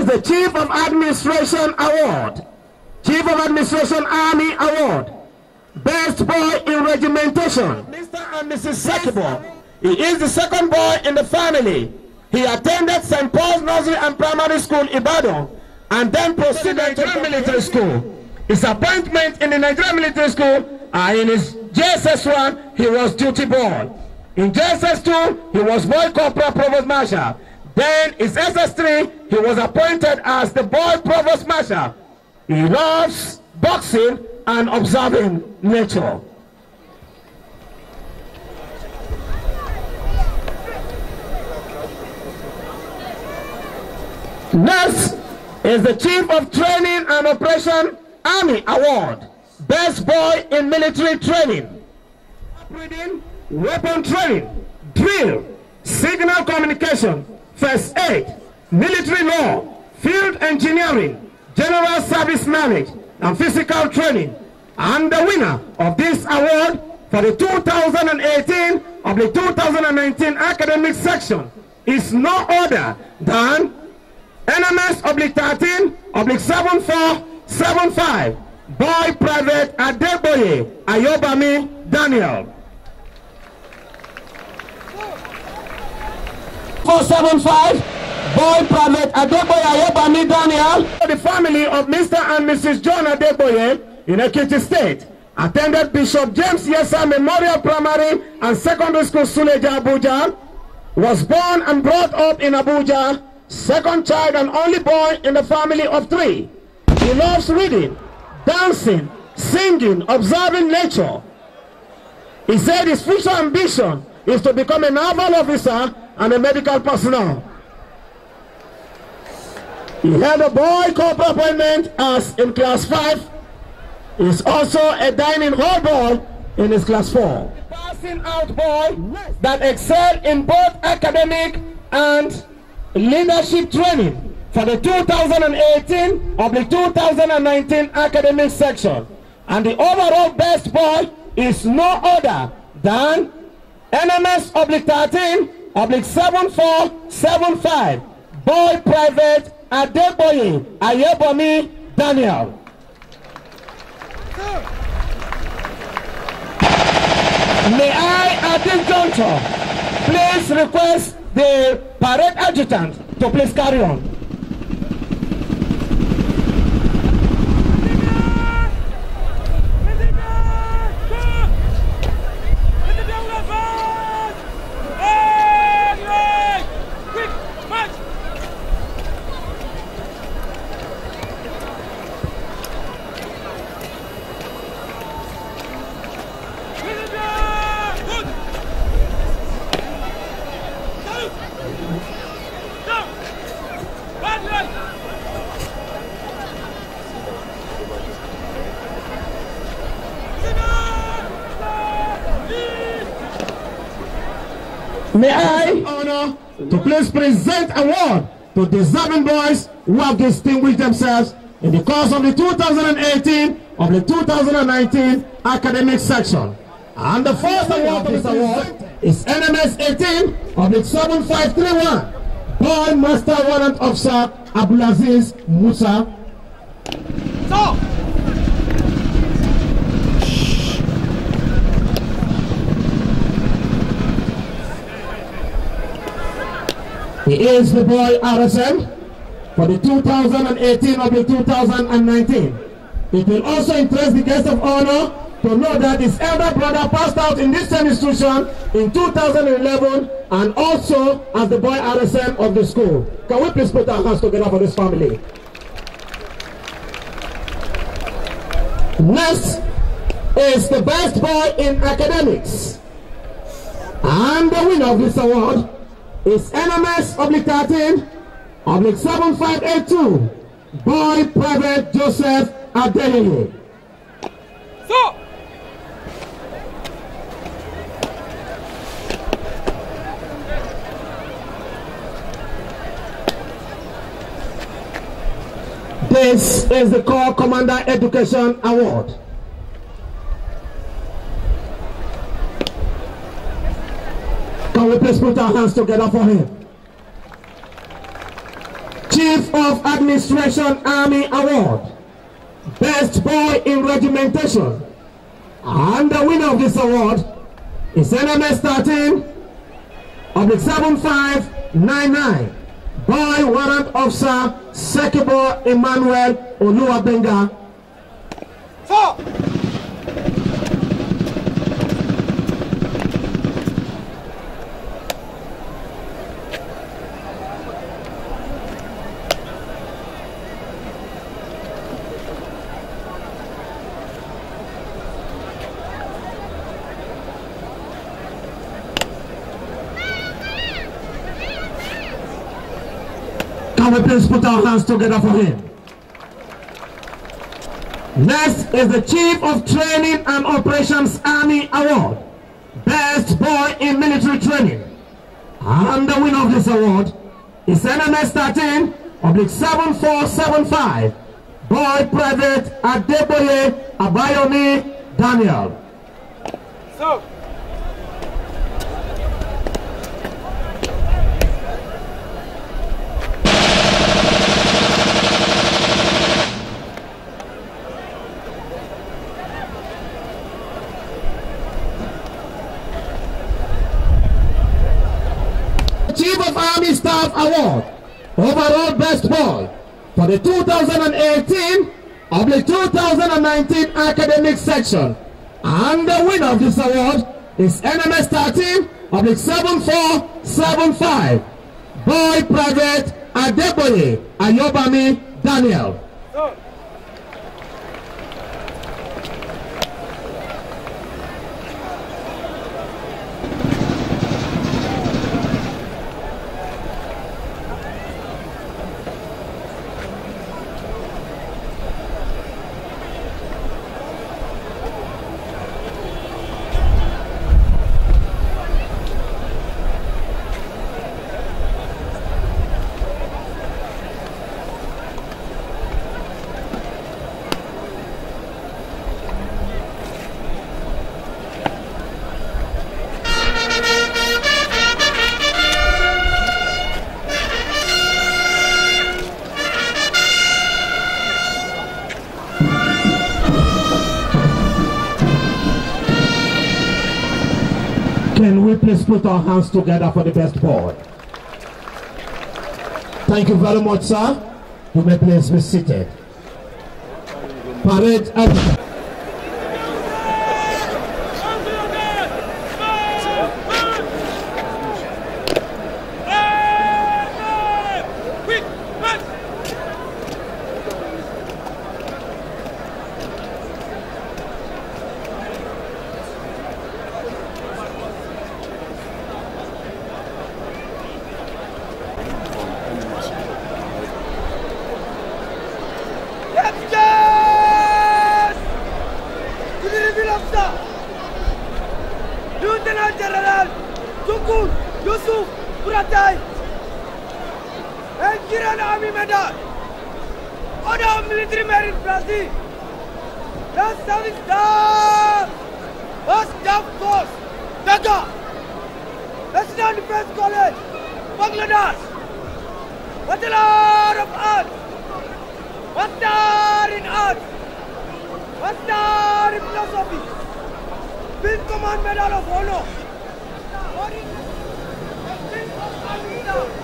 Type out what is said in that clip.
is the Chief of Administration Award, Chief of Administration Army Award, Best Boy in Regimentation, Mr. and Mrs. Sekibo, He is the second boy in the family. He attended St. Paul's Nursery and Primary School, Ibadan, and then proceeded to the military school. His appointment in the Nigerian military school uh, in his JSS1, he was duty born. In JSS2, he was boy corporal provost marshal. Then his SS3, he was appointed as the boy provost marshal. He loves boxing and observing nature. Next is the Chief of Training and Operation Army Award. Best boy in military training. Operating, weapon training, drill, signal communication, first aid, military law, field engineering, general service management, and physical training. And the winner of this award for the 2018 of the 2019 academic section is no other than NMS oblique 13 oblique 7475 boy private Adeboye Ayobami Daniel. 475 Boy Pramet Adeboye Ayebami Daniel. The family of Mr. and Mrs. John Adeboye in Ekiti State attended Bishop James Yesa Memorial Primary and Secondary School Suleja, Abuja. Was born and brought up in Abuja. Second child and only boy in the family of three. He loves reading, dancing, singing, observing nature. He said his future ambition is to become a naval officer and a medical personnel. He had a boy corporal appointment as in class 5. He's also a dining hall boy in his class 4. The passing out boy that excelled in both academic and leadership training for the 2018 of the 2019 academic section. And the overall best boy is no other than NMS of 13 oblique seven four seven five boy private Adeboye Ayebomi Daniel. May I at this juncture please request the parade adjutant to please carry on. May I honor to please present award to deserving boys who have distinguished themselves in the course of the 2018 of the 2019 academic section. And the first award of this award is NMS 18 of the 7531 Boy Master Warrant Officer Abdulaziz Musa. So. He is the boy RSM for the 2018 or the 2019. It will also interest the guest of honor to know that his elder brother passed out in this same institution in 2011 and also as the boy RSM of the school. Can we please put our hands together for this family? Next is the best boy in academics. And the winner of this award is NMS oblique 13 oblique 7582 by private Joseph Adeyeye. So. This is the Corps Commander Education Award. Please put our hands together for him. Chief of Administration Army Award, Best Boy in Regimentation. And the winner of this award is NMS 13 of the 7599, Boy Warrant Officer Sekibo Emmanuel Oluwabenga. Four. please put our hands together for him. Next is the Chief of Training and Operations Army Award. Best Boy in Military Training. And the winner of this award is NMS 13 Oblique 7475. Boy Private Adeboye Abayomi Daniel. So. Staff Award, overall best Ball for the 2018 of the 2019 academic section. And the winner of this award is NMS 13 the 7475. Boy Private Adeboye Ayobami Daniel. Oh. Can we please put our hands together for the best boy? Thank you very much, sir. You may please be seated. Parade. ሲይዙ ብረታይ እንጅረን አሚ መዳ ኦዳ ምልትሪ መሪ ብራዚ ለሰብስታ ወስዳፎስ ደጋ እስና ዲፌንስ ኮሌጅ ባንግላዳሽ ወትላረብ አት ወታሪን አት ወታሪ ፊሎሶፊ ቢንኮማን መዳሎፍ ሆኖ ወሪ Go!